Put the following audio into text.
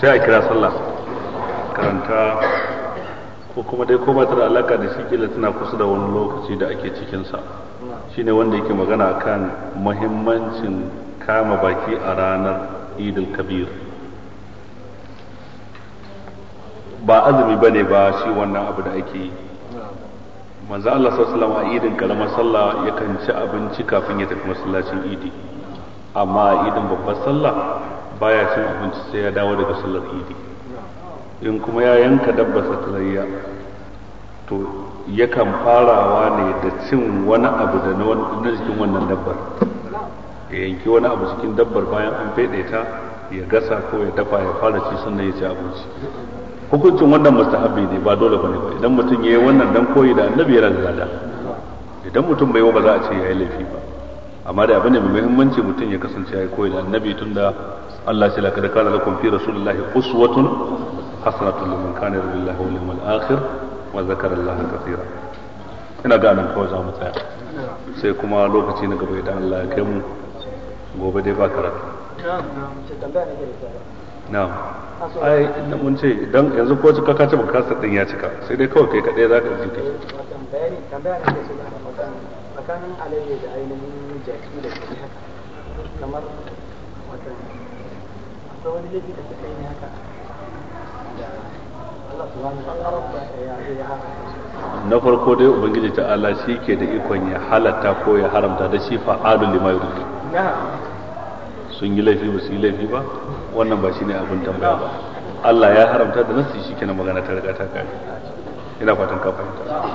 sai a kira sallah karanta ko kuma dai ko ba da alaka da shi kila tana kusa da wani lokaci da ake cikinsa shine wanda yake magana kan muhimmancin kama baki a ranar idil kabir ba azumi ba ne ba shi wannan abu da ake yi manzo Allah sallallahu alaihi a idin karamar sallah yakan ci abinci kafin ya tafi masallacin idi amma idin babbar sallah baya cin abinci sai ya dawo daga sallar idi in kuma ya yanka dabba satalayya to yakan farawa ne da cin wani abu da na jikin wannan dabbar ya yanki wani abu cikin dabbar bayan an feɗe ta ya gasa ko ya dafa ya fara ci sannan ya ci abinci hukuncin wannan mustahabi ne ba dole bane ba idan mutum ya yi wannan dan koyi da annabi yana da idan mutum bai yi ba za a ce ya yi laifi ba amma da abin ne mai muhimmanci mutum ya kasance ya koyi da annabi tun da Allah shi ya da kana lakum fi rasulillahi uswatun hasanatun liman kana yarju Allah wal yawmal akhir wa zakara Allah kathira ina ga nan kawai za mu tsaya sai kuma lokaci na gaba idan Allah ya kai mu gobe dai ba karatu na'am ai mun ce idan yanzu ko cika ka ce baka kasa din ya cika sai dai kawai kai kadai zaka ji kai tambaya da tsakanin na farko dai ubangiji ta'ala shi ke da ikon ya halatta ko ya haramta da shi fa'adu lima yuridu sun yi laifi ba su yi laifi ba wannan ba shi ne abin tambaya ba Allah ya haramta da nasu shi kenan magana ta riga ta ina fatan ka fahimta